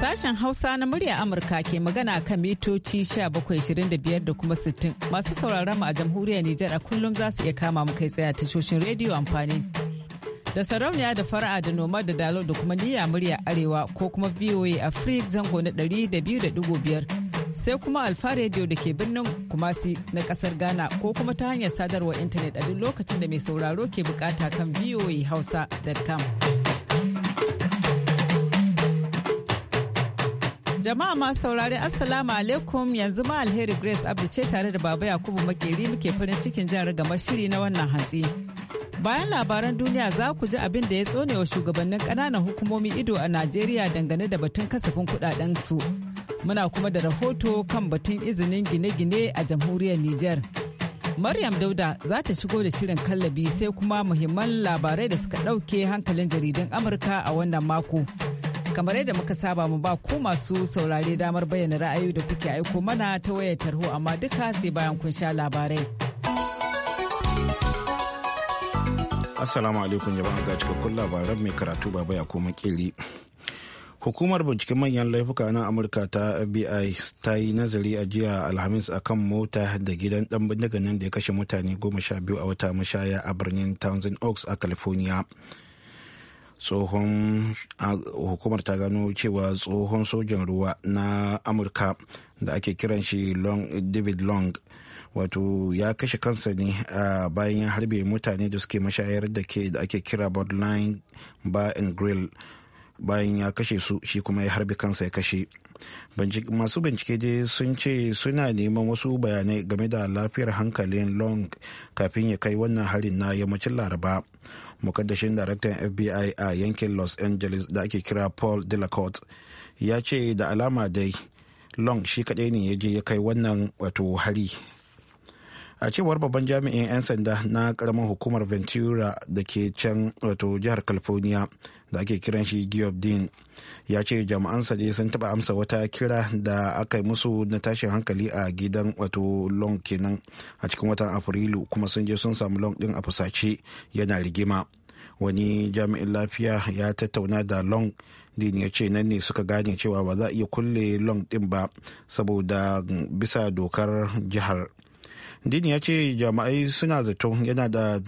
Sashen Hausa na murya Amurka ke magana a kan mitoci 1725 da kuma 60 masu sauraron mu a jamhuriyar Nijar a kullum za su iya kama mu kai tsaye tashoshin rediyo amfani. Da sarauniya da fara'a da noma da dalo da kuma niyya murya arewa ko kuma VOA free zango na 200.5 sai kuma alfa rediyo da ke birnin kumasi na kasar ghana ko kuma ta hanyar sadarwar intanet a duk lokacin da mai sauraro ke bukata kan voahausa.com. hausa.com Jama'a masu saurari Assalamu alaikum yanzu ma alheri Grace Abdu ce tare da Baba Yakubu Makeri muke farin cikin jan gama shiri na wannan hantsi. Bayan labaran duniya za ku ji abin da ya tsone wa shugabannin ƙananan hukumomi ido a Najeriya dangane da batun kasafin kuɗaɗen su. Muna kuma da rahoto kan batun izinin gine-gine a jamhuriyar Nijar. Maryam Dauda za ta shigo da shirin kallabi sai kuma muhimman labarai da suka ɗauke hankalin jaridun Amurka a wannan mako. kamar yadda muka saba mu ba ku masu saurare damar bayyana ra'ayoyi da kuke aiko mana ta wayar tarho amma duka sai bayan kun sha labarai. Assalamu alaikum jama'a ga cikakkun labaran mai karatu baba ya koma kiri. hukumar binciken manyan laifuka na amurka ta fbi ta yi nazari a jiya alhamis akan mota da gidan dan bindiga nan da ya kashe mutane goma sha biyu a wata mashaya a birnin townsend oaks a california tsohon hukumar ta gano cewa tsohon sojan ruwa na amurka da ake kiran shi david long wato ya kashe kansa ne a bayan ya harbe mutane da suke mashayar da ke da ake kira borderline bar and grill bayan ya kashe su shi kuma ya harbe kansa ya kashe masu bincike dai sun ce suna neman wasu bayanai game da lafiyar hankalin long kafin ya kai wannan harin na yammacin laraba mukaddashin daraktan fbi a yankin los angeles da ake kira paul delacourt ya ce da alama dai long shi kadai ne ya je ya kai wannan wato hari a cewar babban jami'in 'yan sanda na karamar hukumar ventura da ke can wato jihar california da ake kiran shi Giyob Din ya ce jami'an ne sun taba amsa wata kira da aka yi musu na tashin hankali a gidan wato long kenan a cikin watan afrilu kuma sun je sun samu long din a fusace yana rigima wani jami'in lafiya ya tattauna da long din ya ce nan ne suka gane cewa ba za a iya kulle long din ba saboda mm, bisa dokar jihar din ya ce jami'ai suna zato yana da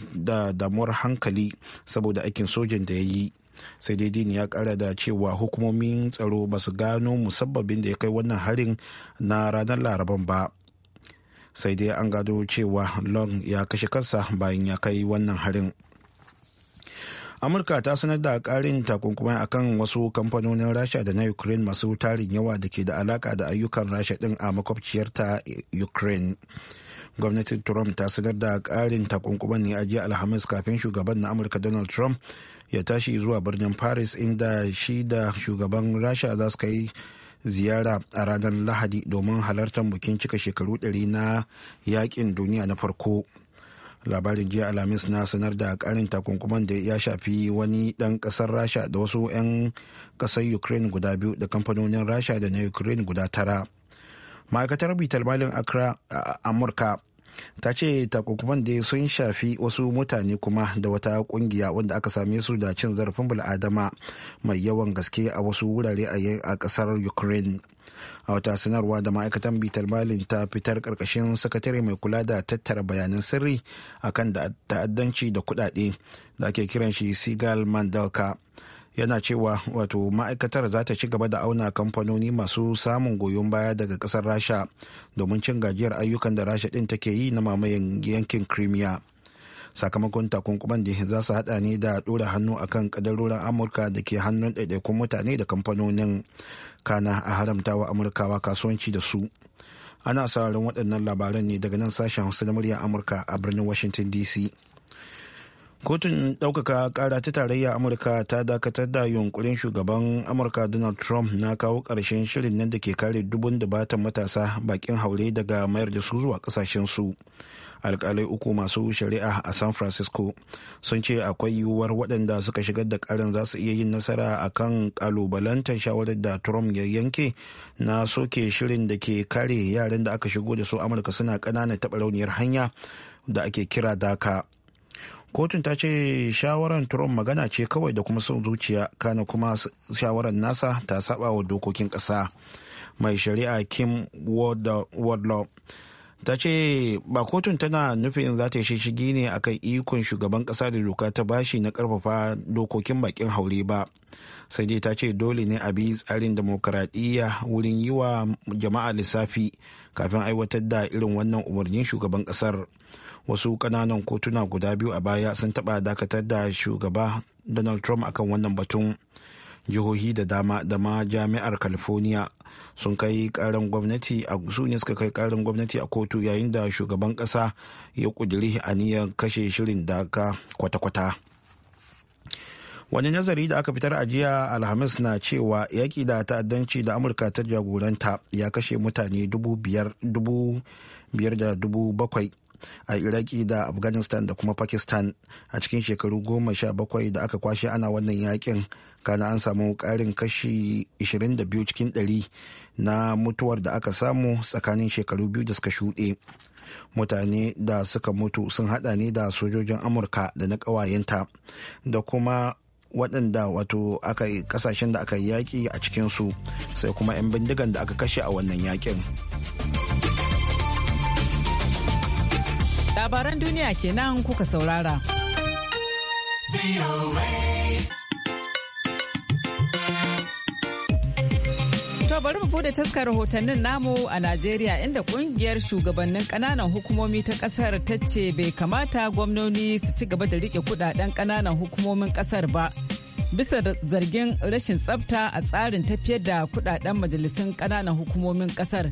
damuwar hankali saboda aikin sojan da ya yi sai dai din ya kara da cewa hukumomin tsaro ba su gano musabbabin da ya kai wannan harin na ranar laraban ba sai dai an gado cewa long ya kashe kansa bayan ya kai wannan harin amurka ta sanar da karin takunkumai akan wasu kamfanonin rasha da na ukraine masu tarin yawa da ke da alaka da ayyukan rasha din a makwabciyarta ukraine gwamnatin trump ta sanar da ƙarin takunkuman ne a jiya alhamis kafin shugaban na amurka donald trump ya tashi zuwa birnin paris inda shi da shugaban rasha za su kai ziyara a ranar lahadi domin halartar bikin cika shekaru 100 na yakin duniya na farko labarin jiya alhamis na sanar da karin takunkuman da ya shafi wani dan kasar rasha da wasu 'yan kasar ukraine guda biyu da kamfanonin rasha da na ukraine guda tara ma'aikatar bital malin accra a amurka ta ce takunkuman da sun shafi wasu mutane kuma da wata kungiya wanda aka same su da cin zarafin bil'adama mai yawan gaske a wasu wurare a kasar ukraine a wata sanarwa da ma'aikatan bitar malin ta fitar karkashin sakatare mai kula da tattara bayanan sirri akan ta'addanci da kudade da ake kiran shi sigal mandalka yana cewa wato ma'aikatar za ta ci gaba da auna kamfanoni masu samun goyon baya daga kasar rasha domin cin gajiyar ayyukan da rasha din take yi na mamayen yankin crimea sakamakon takunkuman da za su hada ne da dora hannu akan kadarorin amurka da ke hannun ɗaiɗaikun mutane da kamfanonin kana a haramtawa amurkawa kasuwanci da su ana sauraron waɗannan labaran ne daga nan sashen hausa na murya amurka a birnin washington dc kotun ɗaukaka ƙara ta tarayya amurka ta dakatar da yunkurin shugaban amurka donald trump na kawo ƙarshen shirin nan da ke kare dubun dubatan matasa bakin haure daga mayar da su zuwa su alkalai uku masu shari'a a san francisco sun ce akwai yiwuwar waɗanda suka shigar da ƙarin za su iya yin nasara a kan ƙalubalantar shawarar da trump ya yanke na soke shirin da ke kare yaran da aka shigo da su amurka suna ƙanana taɓa rauniyar hanya da ake kira daka kotun ta ce shawaran trump magana ce kawai da kuma son zuciya kana kuma shawaran nasa ta saba wa dokokin kasa mai shari'a kim wardlaw ta ce ba kotun tana nufin za ta yi shishigi ne a kan ikon shugaban kasa da doka ta bashi na karfafa dokokin bakin haure ba sai dai ta ce dole ne a bi tsarin demokaradiyya wurin yi wa jama'a lissafi kafin aiwatar da irin wannan umarnin shugaban ƙasar wasu kananan kotuna guda biyu a baya sun taɓa dakatar da shugaba donald trump akan wannan batun jihohi da dama da ma jami'ar california sun kai karin gwamnati a su ne suka kai karin gwamnati a kotu yayin da shugaban kasa ya a aniyar kashe shirin daka kwata-kwata wani nazari da aka fitar a jiya alhamis na cewa yaƙi da ta'addanci da amurka ta jagoranta ya kashe mutane dubu biyar da dubu bakwai a iraki da afghanistan da kuma pakistan a cikin shekaru goma sha bakwai da aka kwashe ana wannan yakin kana an samu karin kashi 22 cikin 100 na mutuwar da aka samu tsakanin shekaru biyu da suka shuɗe mutane da suka mutu sun hada ne da sojojin amurka da na kawayenta da kuma waɗanda wato aka kasashen da aka yi yaƙi a cikinsu sai kuma 'yan bindigan da aka kashe a wannan yaƙin. Labaran duniya kenan kuka saurara. To bari mu bude taskar rahotannin namu a Najeriya inda kungiyar shugabannin kananan hukumomi ta kasar ta ce bai kamata gwamnoni su ci gaba da rike kudaden kananan hukumomin kasar ba. Bisa zargin rashin tsafta a tsarin tafiyar da kudaden majalisun kananan hukumomin kasar.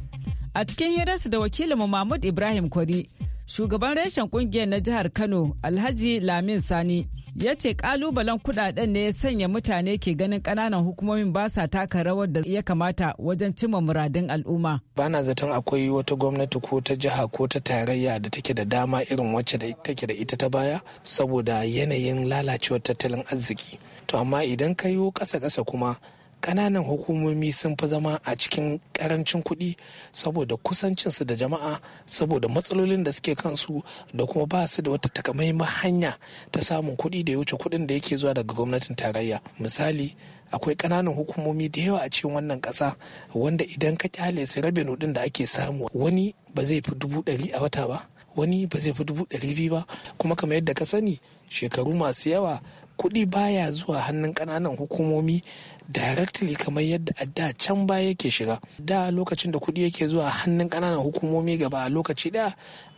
A cikin hirarsu da wakilinmu Mahmud Ibrahim Kwari shugaban reshen kungiyar na jihar kano alhaji lamin sani ya ce kalubalen kudaden ne ya sanya mutane ke ganin kananan hukumomin ba sa taka rawar da ya kamata wajen cimma muradin al'umma bana zaton akwai wata gwamnati ko ta jiha ko ta tarayya da take da dama irin wacce da take da ita ta baya saboda yanayin lalacewar tattalin arziki to amma idan ka yi kasa kasa kuma ƙananan hukumomi sun fi zama a cikin karancin kuɗi saboda kusancinsu da jama'a saboda matsalolin da suke kansu da kuma ba su da wata takamaiman hanya ta samun kuɗi da ya wuce kuɗin da yake zuwa daga gwamnatin tarayya misali akwai ƙananan hukumomi da yawa a cikin wannan ƙasa wanda idan ka kyale su rabin ɗin da ake samu wani ba zai fi dubu ɗari a wata ba wani ba zai fi dubu ɗari biyu ba kuma kamar yadda ka sani shekaru masu yawa kuɗi baya zuwa hannun ƙananan hukumomi directly kamar yadda a da can baya yake shiga da lokacin da kuɗi yake zuwa hannun ƙananan hukumomi gaba a lokaci ɗaya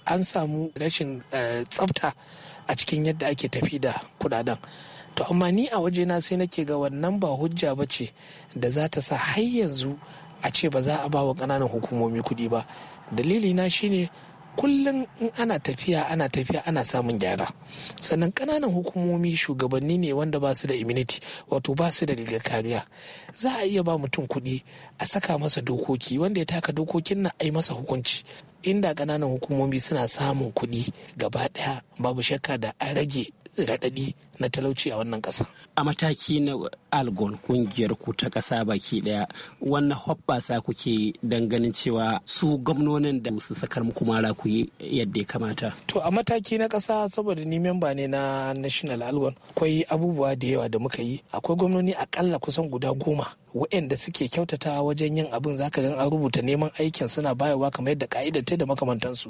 an samu rashin eh, tsafta a cikin yadda ake tafi da kuɗaɗen to amma ni a waje na sai nake ga wannan ba hujja ba ce da za ta sa har yanzu a ce ba za a ba wa ƙananan hukumomi kuɗi ba dalili na shine kullum in ana tafiya ana tafiya ana samun gyara sannan kananan hukumomi shugabanni ne wanda ba su da immunity wato ba su da rigar kariya za a iya ba mutum kuɗi a saka masa dokoki wanda ya taka dokokin na a masa hukunci inda kananan hukumomi suna samun kuɗi gaba ɗaya babu shakka da a rage raɗaɗi na talauci a wannan kasa. A mataki na algon kungiyar ku ta ƙasa baki ɗaya wannan hoɓɓasa kuke danganin cewa su gwamnonin da su sakar muku mara ku yadda ya kamata. To a mataki na kasa saboda ni memba ne na National Algon akwai abubuwa da yawa da muka yi akwai gwamnoni akalla kusan guda goma waɗanda suke kyautata wajen yin abin zaka gan an rubuta neman aikin suna bayarwa kamar yadda ka'ida ta da makamantansu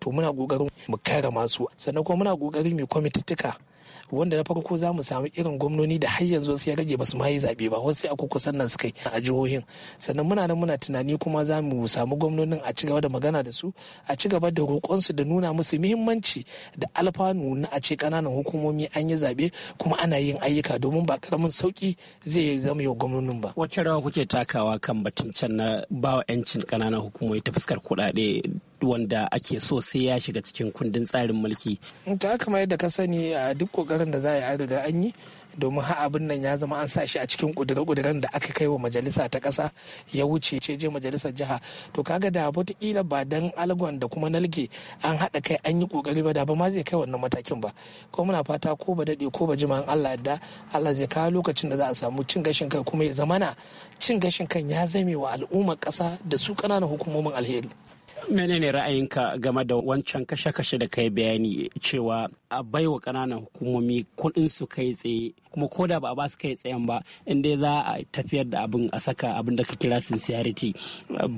to muna ƙoƙarin mu karrama masu sannan kuma muna ƙoƙarin mu kwamitattuka wanda na farko za mu samu irin gwamnoni da har yanzu wasu ya rage ba su ma yi zaɓe ba wasu a kusan nan suka yi a jihohin sannan muna nan muna tunani kuma za mu samu gwamnonin a ci gaba da magana da su a ci gaba da roƙonsu da nuna musu muhimmanci da alfanu na a ce ƙananan hukumomi an yi zaɓe kuma ana yin ayyuka domin ba ƙaramin sauƙi zai zama yau gwamnonin ba. Wacce rawa kuke takawa kan batun can na bawa 'yancin ƙananan hukumomi ta fuskar kuɗaɗe wanda ake so sai ya shiga cikin kundin tsarin mulki. ta kamar yadda ka sani a duk kokarin da za a yi riga an yi domin ha abin nan ya zama an sa shi a cikin kudure-kuduren da aka kai wa majalisa ta kasa ya wuce ce je majalisar jiha to kaga da wataƙila ba dan algon da kuma nalge an haɗa kai an yi ƙoƙari ba da ba ma zai kai wannan matakin ba ko muna fata ko ba daɗe ko ba jima Allah yadda Allah zai kawo lokacin da za a samu cin gashin kai kuma ya zamana cin gashin kan ya zame wa al'ummar ƙasa da su ƙananan hukumomin alheri. menene ra'ayinka game da wancan kashe-kashe da kai bayani cewa a baiwa ƙananan hukumomi kuɗin su kai tsaye kuma ko da ba a ba su kai tsayen ba in dai za a tafiyar da abin a saka abin da ka kira sincerity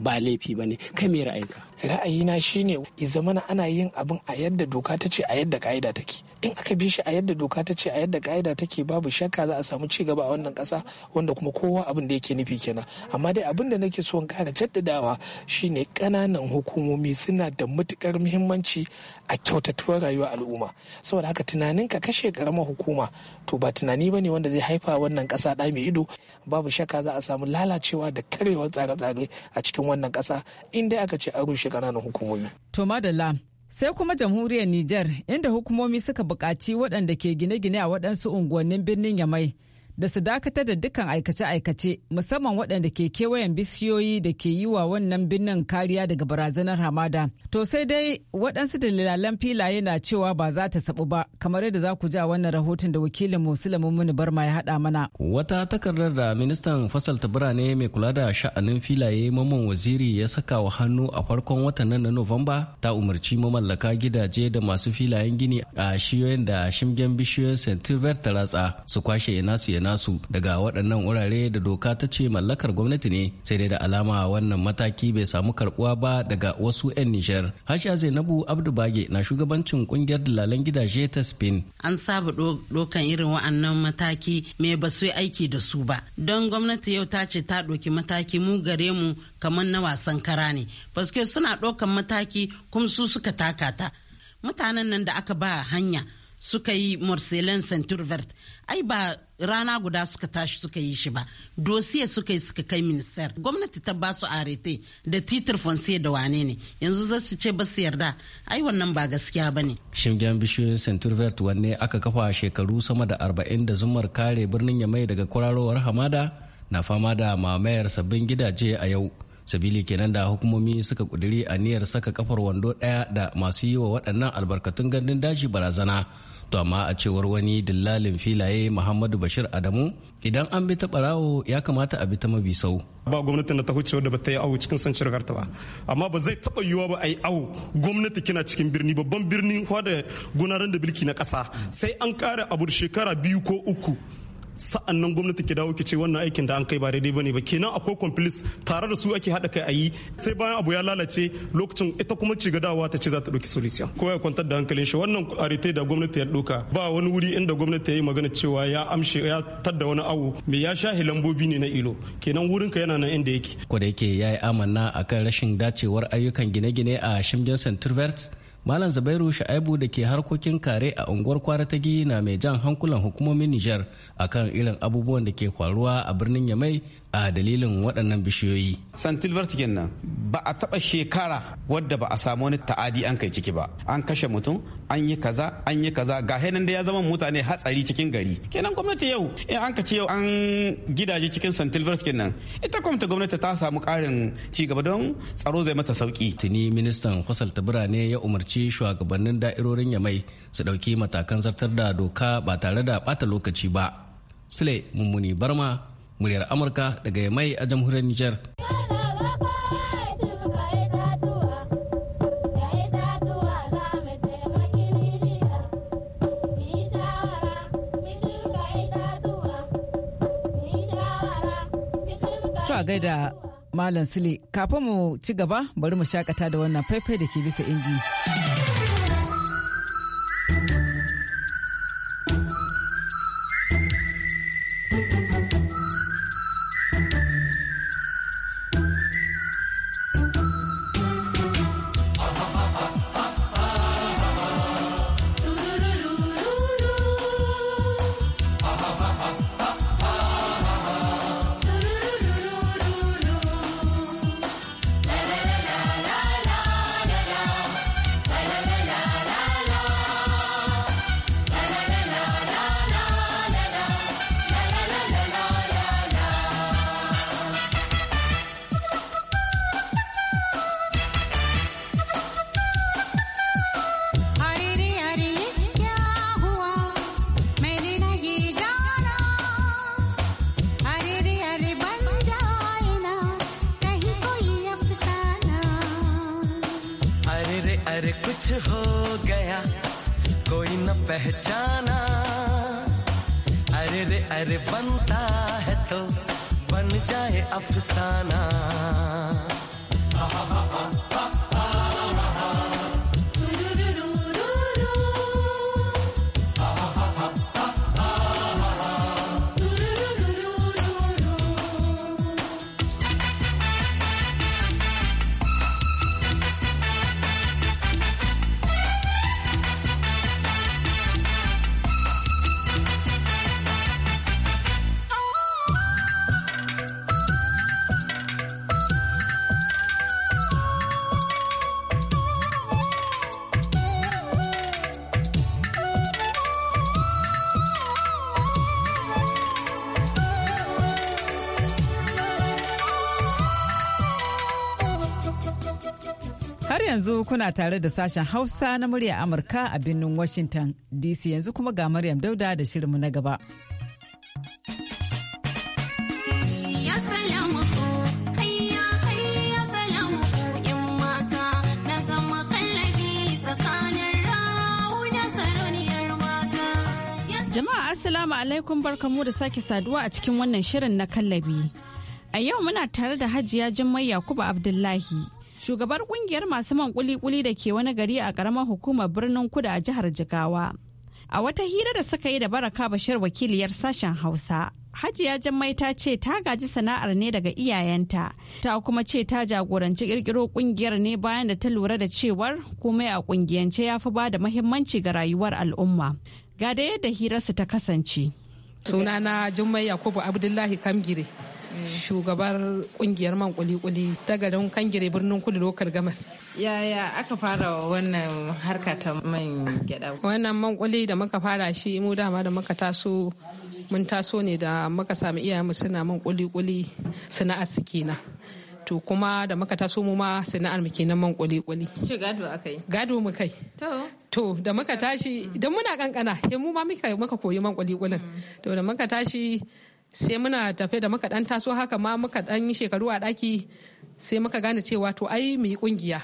ba laifi ba ne kai mai ra'ayinka ra'ayina shine zamana ana yin abin a yadda doka ta ce a yadda ka'ida take in aka bi shi a yadda doka ta ce a yadda ka'ida take babu shakka za a samu ci gaba a wannan kasa wanda kuma kowa abin da yake nufi kenan amma dai abin da nake so in kara jaddadawa shine kananan hukumomi suna da matukar muhimmanci a kyautatuwar rayuwar al'umma saboda haka tunanin ka kashe karamar hukuma to ba tunanin tunani ba ne wanda zai haifa wannan ƙasa ɗa mai ido babu shakka za a samu lalacewa da karewar tsare-tsare a cikin wannan ƙasa inda aka ce an rushe ƙananan hukumomi. To madalla sai kuma jamhuriyar Nijar inda hukumomi suka buƙaci waɗanda ke gine-gine a waɗansu unguwannin birnin Yamai da su dakatar da dukkan aikace-aikace musamman waɗanda ke kewayen bisiyoyi da ke yi wa wannan birnin kariya daga barazanar hamada. To sai dai waɗansu dalilan filaye na cewa ba za ta sabu ba kamar yadda za ku ja wannan rahoton da wakilin Musulun Muni Barma ya haɗa mana. Wata takardar da ministan fasalta birane mai kula da sha'anin filaye Maman Waziri ya saka wa hannu a farkon watan nan na Nuwamba ta umarci mamallaka gidaje da masu filayen gini a shiyoyin da shimgen bishiyoyin St. ta ratsa su kwashe ina su yana nasu daga waɗannan wurare da doka ta ce mallakar gwamnati ne sai dai da alama wannan mataki bai samu karbuwa ba daga wasu 'yan nishar hasha zainabu abdu bage na shugabancin kungiyar dalalan gidaje ta spain an saba dokan irin wa'annan mataki mai ba su yi aiki da su ba don gwamnati yau ta ce ta ɗauki mataki mu gare mu kamar na wasan kara ne baske suna ɗaukan mataki kuma su suka taka ta mutanen nan da aka ba hanya suka yi morcelin centurvert ai ba rana guda suka tashi suka yi shi ba dosiye suka yi suka kai minister gwamnati ta basu arete da titir fonse da wane ne yanzu za su ce basu yarda ai wannan ba gaskiya ba ne shingen bishiyoyin centurvert wanne aka kafa shekaru sama da arba'in da zumar kare birnin yamai daga kwararowar hamada na fama da mamayar sabbin gidaje a yau sabili kenan da hukumomi suka a aniyar saka kafar wando ɗaya da masu yi wa waɗannan albarkatun gandun daji barazana to amma a cewar wani dillalin filaye muhammadu bashir adamu idan an bi ta barawo ya kamata a bi ta mabi sau ba gwamnatin da ta huce da ba ta yi awo cikin son shirgarta ba amma ba zai taba yiwuwa ba a yi awo gwamnati kina cikin birni babban birni da gunaran da bilki na kasa sai an kara abu shekara biyu ko uku sa'an nan gwamnati ke dawo ki ce wannan aikin da an kai ba daidai bane ba kenan akwai complice tare da su ake hada kai a yi sai bayan abu ya lalace lokacin ita kuma ci gadawa ta ce za ta dauki solution ko ya kwantar da hankalin shi wannan arite da gwamnati ya dauka ba wani wuri inda gwamnati ya yi magana cewa ya amshe ya tadda wani awo me ya shahi lambobi ne na ilo kenan wurinka yana nan inda yake ko da yake yayi amanna akan rashin dacewar ayyukan gine-gine a shimgen St. Malam Zubairu Sha'aibu da ke harkokin kare a unguwar kwara ta na mai jan hankulan hukumomin Nijar akan irin abubuwan da ke faruwa a birnin Yamai a dalilin waɗannan bishiyoyi. Santilbert nan ba a taɓa shekara wadda ba a samu wani ta'adi an kai ciki ba. An kashe mutum, an yi kaza, an yi kaza, ga nan da ya zama mutane hatsari cikin gari. Kenan gwamnati yau, in an ka ce yau an gidaje cikin Santilbert nan Ita kwamta gwamnati ta samu ƙarin ci gaba don tsaro zai mata sauki. Tuni ministan kwasalta birane ya umarci shugabannin da'irorin Yamai su ɗauki matakan zartar da doka ba tare da ɓata lokaci ba. Sule Mummuni Barma muryar amurka daga mai a jamhuriyar niger gaida Malam Sule. Kafin mu ci gaba bari mu shakata da wannan faifai da ke bisa inji. अरे बनता है तो बन जाए अफसाना yanzu kuna tare da sashen Hausa na murya Amurka a birnin Washington DC yanzu kuma ga Maryam Dauda da shirinmu na gaba. Jama'a Assalamu alaikum barkamu da sake saduwa a cikin wannan shirin na kallabi. A yau muna tare da Hajiya Jummai Yakubu Abdullahi. shugabar kungiyar masu man kuli-kuli da ke wani gari a karamar hukumar birnin kudu a jihar jigawa a wata hira da suka yi da baraka bashir wakiliyar sashen hausa hajiya jammai ta ce ta gaji sana'ar ne daga iyayenta ta kuma ce ta jagoranci kirkiro kungiyar ne bayan da ta lura da cewar komai a kungiyance ya fi ba da mahimmanci ga rayuwar al'umma ga da yadda hirarsu ta kasance sunana jummai yakubu abdullahi kamgire shugabar kungiyar man kuli-kuli ta garin kangire birnin kudu lokal gamar. Yaya aka fara wannan harka ta man gyada? Wannan man kuli da muka fara shi mu dama da muka taso mun taso ne da muka sami iyayenmu suna man kuli-kuli sana'ar su kenan. to kuma da muka taso mu ma sana'ar mu kenan man kuli-kuli. Shi gado akai. Gado mu kai. To. To da muka tashi idan muna kankana ya mu ma muka muka koyi man kuli-kulin. To da muka tashi sai muna tafe da muka dan taso haka ma muka dan shekaru a daki sai muka gane cewa to ai mu yi kungiya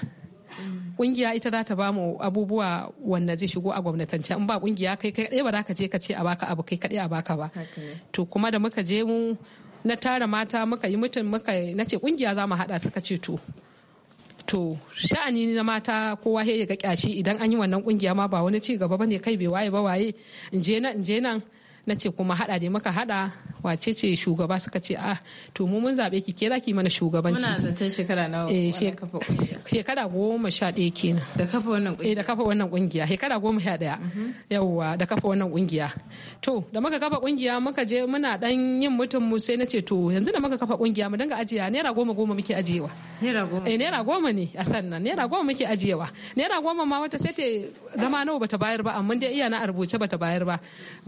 kungiya ita za ta ba mu abubuwa wanda zai shigo a gwamnatance in ba kungiya kai kai ba za ka je ka ce a baka abu kai kadai a baka ba to kuma da muka je mu na tara mata muka yi mutum muka na ce kungiya za mu hada suka ce to to sha'ani na mata kowa ya ga kyashi idan an yi wannan kungiya ma ba wani ci gaba bane kai bai waye ba waye in je nan in je nan na ce kuma hada dai maka hada wace ce shugaba suka ce ah to mu mun zabe ki ke za ki mana shugabanci muna zancen shekara nawa eh shekara goma sha ɗaya kenan da kafa wannan kungiya eh da kafa wannan kungiya shekara goma sha ɗaya mhm. yawwa da kafa wannan kungiya to da muka kafa kungiya muka je muna dan yin mutum mu sai na ce to yanzu da muka kafa kungiya mu dinga ajiya naira goma goma muke ajiyewa Naira goma. Eh naira goma ne a sannan naira goma muke ajiyewa. Naira goma ma wata sai ta zama nawa bata bayar ba amma dai iya na a rubuce bata bayar ba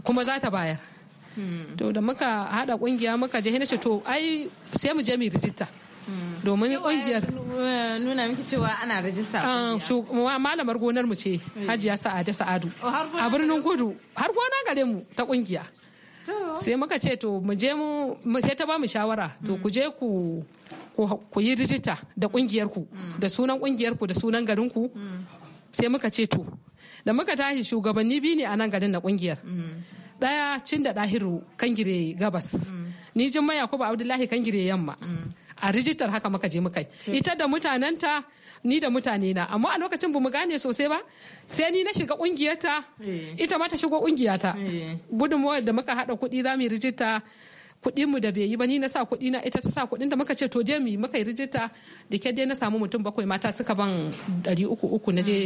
kuma za ta bayar. Hmm. To da muka hada kungiya muka je hina ce to ai sai mu je mu rijista. Hmm. domin kungiyar eh, nuna miki cewa ana ah, ma malamar gonar mu ce eh. hajiya sa'ada sa'adu oh, a birnin kudu har gona gare mu ta kungiya sai muka ce to mu je mu sai ta ba mu shawara to hmm. ku je ku ku yi rijita da kungiyarku da sunan kungiyarku da sunan garinku sai muka ce to da muka tashi shugabanni biyu ne a nan garin na kungiyar daya cin da dahiru kangire gabas ni jin maya ba abdullahi kangire yamma a rijitar haka muka je muka ita da mutanenta ni da mutane na amma a lokacin mu gane sosai ba sai ni na shiga kungiyarta eh. ita ma ta shigo kungiyata eh. gudunmawar da muka hada kuɗi za mu rijita kuɗin mu da bai yi ba ni na sa kuɗi na ita ta sa kuɗin da muka ce to je mu muka yi rijista da ke dai na samu mutum bakwai mata suka ban ɗari uku uku na je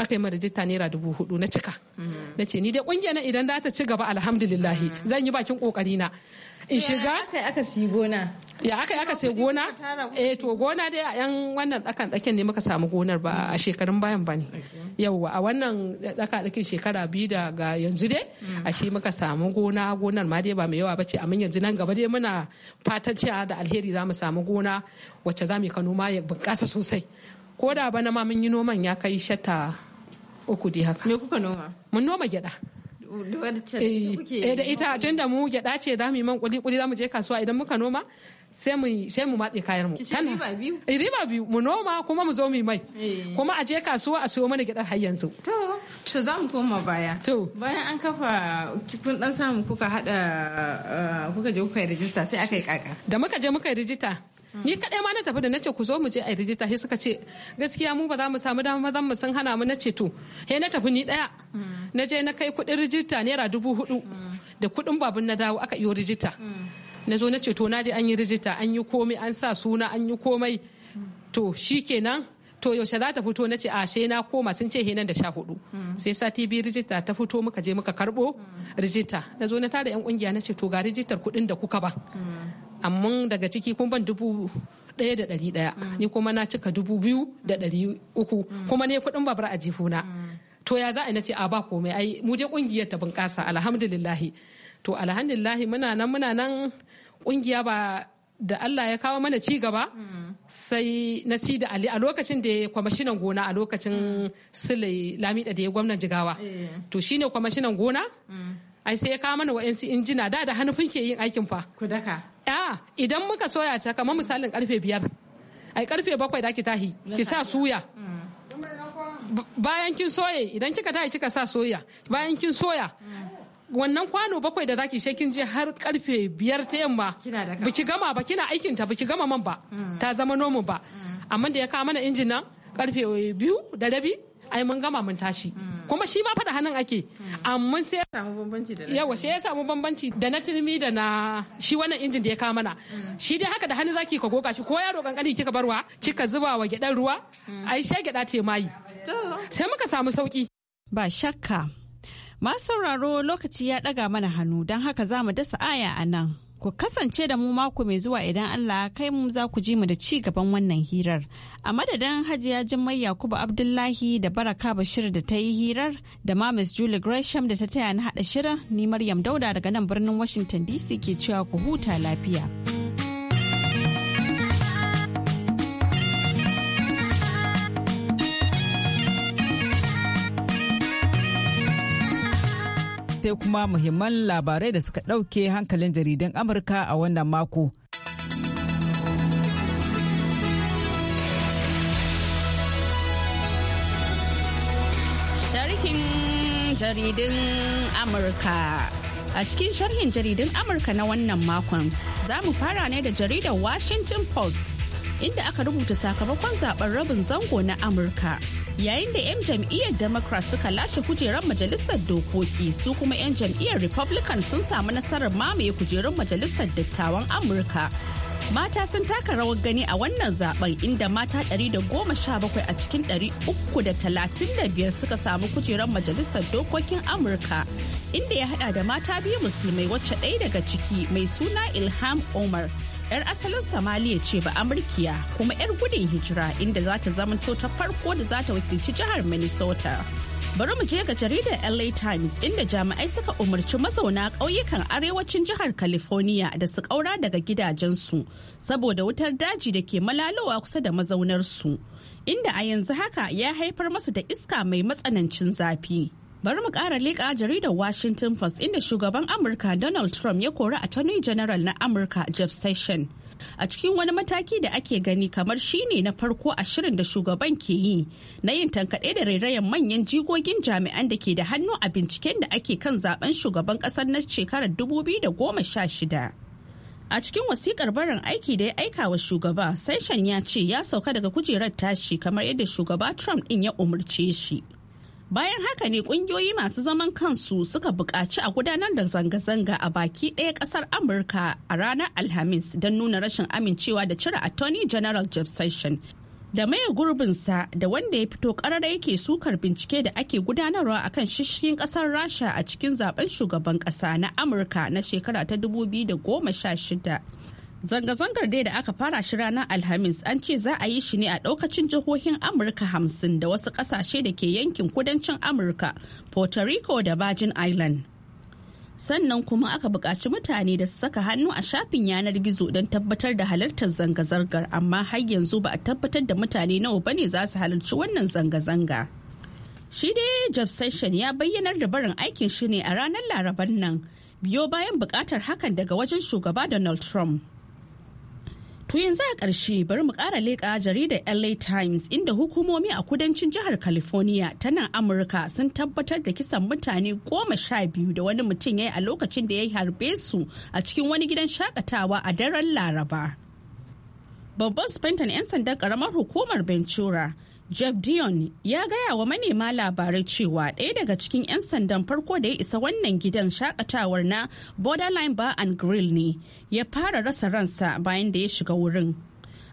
aka yi min rijista naira dubu hudu na cika mm-hmm. na ce ni dai ƙungiya na idan za ta ci gaba alhamdulillahi mm-hmm. zan yi bakin kokari na in shiga aka gona ya aka aka sai gona eh to gona dai a yan wannan tsakan tsakin ne muka samu gonar ba a shekarun bayan bane yauwa a wannan tsaka tsakin shekara biyu da ga yanzu dai mm. a shi muka samu gona gonar ma dai ba mai yawa bace amma yanzu nan gaba dai muna fatan cewa da alheri za mu samu gona wacce za mu yi noma ya bunƙasa sosai ko da bana ma mun yi noman ya kai shata uku dai haka me kuka noma mun noma gyada da eh, eh, ita tunda mu gyada ce za mu yi man kuli kuli za mu je kasuwa idan muka noma sai mu sai matse kayan mu riba biyu eh, riba biyu mu noma kuma mu zo mu mai kuma a je kasuwa a siyo mana gyadar har yanzu to to za mu koma baya to bayan an kafa kifin dan samu kuka hada kuka je kuka yi rijista sai aka yi kaka da muka je muka yi rijista ni kaɗai ma na tafi da nace ce ku zo mu je a rijita, sai suka ce gaskiya mu ba za mu samu dama mazan mu sun hana mu na ce to he na tafi ni ɗaya na je na kai kuɗin rijita naira dubu hudu da kuɗin babun na dawo aka iyo rijita na zo na ce to na je an yi rijita an yi komai an sa suna an yi komai to shikenan to yaushe za ta fito na ce sai na koma sun ce henan da sha hudu sai sati biyu rijita ta fito muka je muka karbo rijita na zo na tara yan kungiya na ce to ga rijitar kudin da kuka ba amma daga ciki kun ban dubu ɗaya da ɗari ɗaya mm. ni kuma na cika dubu biyu da ɗari uku mm. kuma ne kuɗin babar a jifuna mm. to ya za a na ce a ba komai ai mu je kungiyar ta bunƙasa alhamdulillahi to alhamdulillahi muna nan muna nan kungiya ba da Allah ya kawo mana ci gaba sai na si da Ali a lokacin da ya kwamashinan gona a lokacin Sule Lamida da ya gwamnan Jigawa eh. to shine kwamashinan gona ai sai ya kawo mana wa'ansu injina da da hannufin ke yin aikin fa ku daka ya idan muka soya ta kamar misalin karfe biyar ai karfe bakwai da ki tahi ki sa suya bayan kin soye idan kika tahi kika sa soya bayan kin soya wannan kwano bakwai da zaki sai kin je har karfe biyar ta yamma biki gama ba kina aikin ta biki gama man ba ta zama nomu ba amma da ya kawo mana injin nan karfe biyu da rabi ai mun gama mun tashi kuma shi ma faɗa hannun ake amma sai ya samu bambanci da yawa sai ya samu bambanci da na turmi da na shi wannan injin da ya kawo mana shi dai haka da hannu zaki ka goga shi ko yaro kankani kika barwa kika zuba wa gidan ruwa ai sha gyada te mai sai muka samu sauki ba shakka masu sauraro lokaci ya ɗaga mana hannu don haka za mu dasa aya a nan Ku kasance da mu mako mai zuwa idan Allah kai mu za ku ji mu da ci gaban wannan hirar. A madadin Hajiya Jummai Yakubu Abdullahi da Baraka Bashir da ta yi hirar da ma Miss Julie Gresham da ta taya ni haɗa shirin ni Maryam Dauda daga nan birnin Washington DC ke cewa ku huta lafiya. sai kuma muhimman labarai da suka ɗauke hankalin jaridan Amurka a wannan mako. Sharhin jaridun Amurka. A cikin sharhin jaridun Amurka na wannan makon, za mu fara ne da jaridar Washington Post, inda aka rubuta sakamakon zaben rabin zango na Amurka. yayin da 'yan jam'iyyar democrat suka lashe kujerar majalisar dokoki su kuma 'yan jam'iyyar republican sun samu nasarar mamaye kujerun majalisar dattawan amurka mata sun taka rawar gani a wannan zaben inda mata 117 a cikin 335 suka samu kujerar majalisar dokokin amurka inda ya hada da mata biyu musulmai wacce ɗaya daga ciki mai suna ilham omar 'yar asalin Somalia ce ba Amurkiya kuma 'yar gudun hijira inda za ta zamanto ta farko da za ta wakilci jihar Minnesota. Bari mu je ga jaridar LA Times inda jami'ai suka umarci mazauna ƙauyukan arewacin jihar California da su ƙaura daga gidajensu saboda wutar daji da ke malalowa kusa da mazaunarsu, inda a yanzu haka ya haifar masu da iska mai matsanancin zafi. Bari mu ƙara leƙa jaridar Washington Post inda shugaban Amurka Donald Trump ya kori a Attorney General na Amurka Jeff Sessions. A cikin wani mataki da ake gani kamar shi ne na farko ashirin da shugaban ke yi na yin tankaɗe da rairayen manyan jigogin jami'an da ke da hannu a binciken da ake kan zaben shugaban ƙasar na shekarar 2016. a cikin wasikar barin aiki da ya aika wa shugaba session ya ce ya sauka daga kujerar tashi kamar yadda shugaba trump ɗin ya umarce shi Bayan haka ne kungiyoyi masu zaman kansu suka buƙaci a gudanar da zanga-zanga a baki ɗaya ƙasar Amurka a ranar Alhamis don nuna rashin amincewa da cire Attorney General Jeff session da maye gurbinsa da wanda ya fito karara yake sukar bincike da ake gudanarwa a kan shishigin kasar rasha a cikin zaben shugaban kasa na amurka na shekara ta 2016 Zanga-zangar dai da aka fara shi ranar Alhamis an ce za a yi shi ne a ɗaukacin jihohin Amurka hamsin da wasu ƙasashe da ke yankin kudancin Amurka, Puerto Rico da Virgin Island. Sannan kuma aka buƙaci mutane da su saka hannu a shafin yanar gizo don tabbatar da halartar zanga-zangar amma har yanzu ba a tabbatar da mutane nawa ba ne za su halarci wannan zanga-zanga. Shi dai Jeff Session ya bayyanar da barin aikin shi ne a ranar Laraban nan, biyo bayan buƙatar hakan daga wajen shugaba Donald Trump. To yanzu a ƙarshe bari mu ƙara leƙa jaridar LA Times inda hukumomi a kudancin jihar California ta nan Amurka sun tabbatar da kisan mutane goma sha biyu da wani mutum ya yi a lokacin da ya yi harbe su a cikin wani gidan shakatawa a daren Laraba. Babban Spenton 'yan sandan ƙaramar hukumar Ventura jeff Dion ya gaya wa manema labarai cewa ɗaya daga cikin 'yan sandan farko da ya isa wannan gidan shakatawar na Borderline Bar and Grill ne ya fara rasa ransa bayan da ya shiga wurin.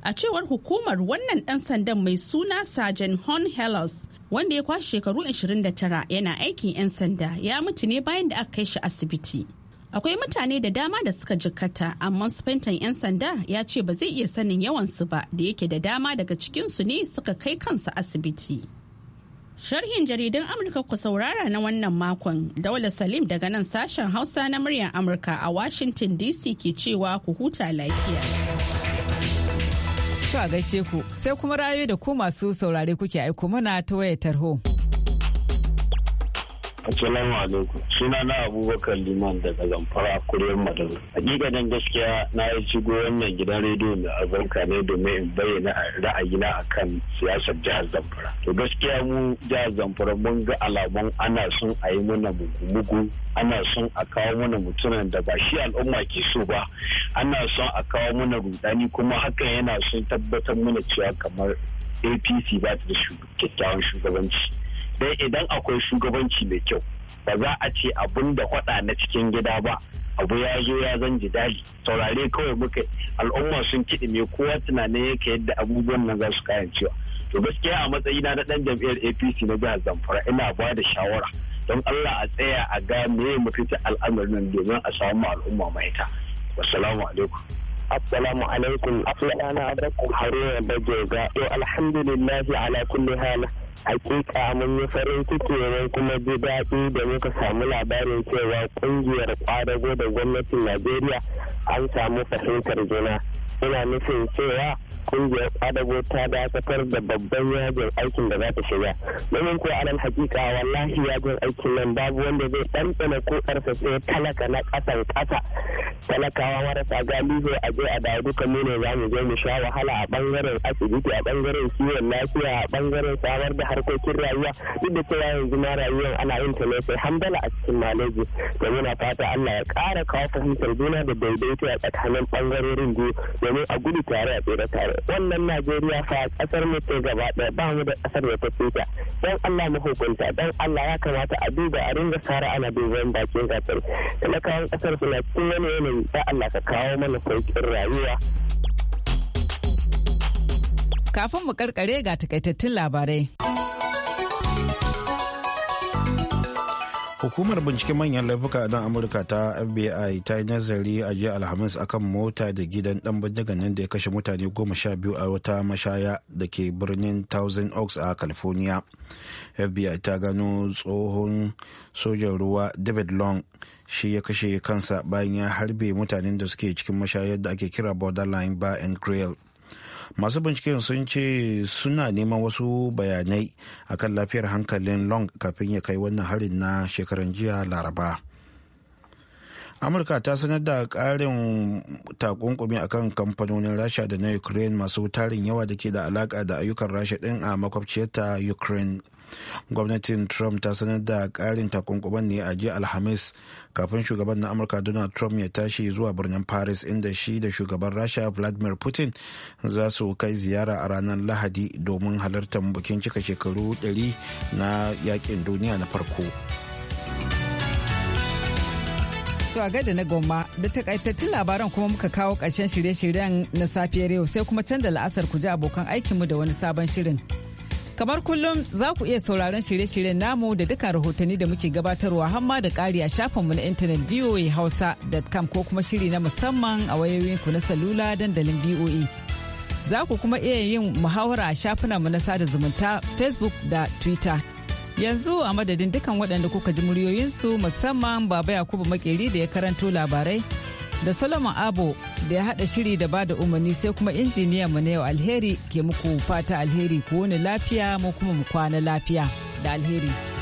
A cewar hukumar wannan ɗan sandan mai suna Sajan Hon hellos wanda ya kwashe shekaru 29 yana aikin 'yan sanda ya mutu ne bayan da aka kai shi asibiti. akwai mutane da dama da suka jikkata amma sufentan 'yan sanda ya ce ba zai iya sanin yawansu ba da yake da dama daga cikinsu ne suka kai kansu asibiti sharhin jaridun amurka ku saurara na wannan makon daula salim daga nan sashen hausa na muryar amurka a washington dc ke cewa ku huta lafiya to a gaishe ku sai kuma rayu da ku masu saurare kuke aiko mana ta wayar tarho. Assalamu alaikum. Suna na Abubakar Liman daga Zamfara Kuriyar Madara. Hakikanin gaskiya na yi shigo wannan gidan rediyo mai albarka ne domin in bayyana ra'ayina kan siyasar jihar Zamfara. To gaskiya mu jihar Zamfara mun ga alamun ana son a yi mana mugu ana son a kawo mana mutumin da ba shi al'umma ke so ba, ana son a kawo mana rudani kuma hakan yana son tabbatar mana cewa kamar APC ba ta da kyakkyawan shugabanci. dai idan akwai shugabanci mai kyau ba za a ce abun da kwada na cikin gida ba abu ya zo ya zan ji dadi saurare kawai muka al'umma sun kiɗi mai kowa tunanin yake yadda abubuwan nan za su kayancewa to gaskiya a matsayina na ɗan jam'iyyar apc na jihar zamfara ina ba da shawara don allah a tsaya a ga me mafita al'amarin nan domin a samu al'umma maita wassalamu alaikum Assalamu alaikum. Sunana Abubakar Haruna Bajoga. To alhamdulillahi ala kulli hala. hakika mun yi farin ciki ne kuma ji daɗi da muka samu labarin cewa kungiyar kwadago da gwamnatin najeriya an samu fahimtar juna ina nufin cewa kungiyar kwadago ta dakatar da babban yajin aikin da za ta shiga domin ko anan hakika wallahi yajin aikin nan babu wanda zai ɗanɗana ko ƙarfa sai talaka na ƙasan ƙasa talakawa marasa galihu a je a dawo duka mu ne za mu je mu sha wahala a ɓangaren asibiti a ɓangaren kiwon lafiya a ɓangaren samar da harkokin rayuwa duk da cewa yanzu ma rayuwar ana yin ta ne sai hambala a cikin maleji da muna fata Allah ya ƙara kawo fahimtar juna da daidaito a tsakanin ɓangarorin biyu domin a gudu tare a tsere tare wannan najeriya fa kasar mu ta gaba daya ba mu da kasar da ta fita dan allah mu hukunta dan allah ya kamata a duba a ringa sara ana duban bakin gasar talakawan kasar na cikin wani yanayi da allah ka kawo mana sauƙin rayuwa kafin mu karkare ga takaitattun labarai hukumar binciken manyan laifuka na amurka ta fbi ta yi nazari a jiya alhamis akan mota da gidan dan bindigan nan da ya kashe mutane goma sha biyu a wata mashaya da ke birnin thousand oaks a california fbi ta gano tsohon sojan ruwa david long shi ya kashe kansa bayan ya harbe mutanen da suke cikin mashayar da ake kira borderline bar and grill masu binciken sun ce suna neman wasu bayanai akan lafiyar hankalin long kafin ya kai wannan harin na shekaran jiya laraba amurka ta sanar da karin takunkumi akan kamfanonin rasha da na ukraine masu tarin yawa da ke da alaka da ayyukan rasha din a makwabciyarta ukraine gwamnatin trump ta sanar da karin takunkuman ne a jiya alhamis kafin shugaban na amurka donald trump ya tashi zuwa birnin paris inda shi da shugaban rasha vladimir putin za su kai ziyara a ranar lahadi domin halartar bikin cika shekaru 100 na yakin duniya na farko to a gada na gomma da takaitattun labaran kuma muka kawo ƙarshen shirye-shiryen na safiyar yau sai kuma canza la'asar ku ji abokan aikinmu da wani sabon shirin Kamar kullum za ku iya sauraron shirye-shiryen namu da duka rahotanni da muke gabatarwa hamma da ƙari a shafinmu na intanet VOA Hausa.com ko kuma shiri na musamman a wayoyinku na salula dandalin VOA. Za ku kuma iya yin muhawara a shafinanmu na sada zumunta Facebook da Twitter. Yanzu a madadin dukan waɗanda kuka ji muryoyinsu musamman Baba Yakubu Makeri da ya karanto labarai. da solomon abo da ya haɗa shiri da ba da umarni sai kuma injiniya mu na yau alheri ke muku fata alheri ku wani lafiya mu kuma mu kwana lafiya da alheri.